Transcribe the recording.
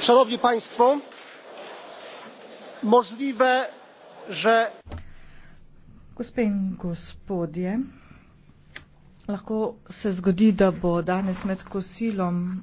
szanowni państwo możliwe że gospe in gospodje lahko se zgodi da bo danes med kosilom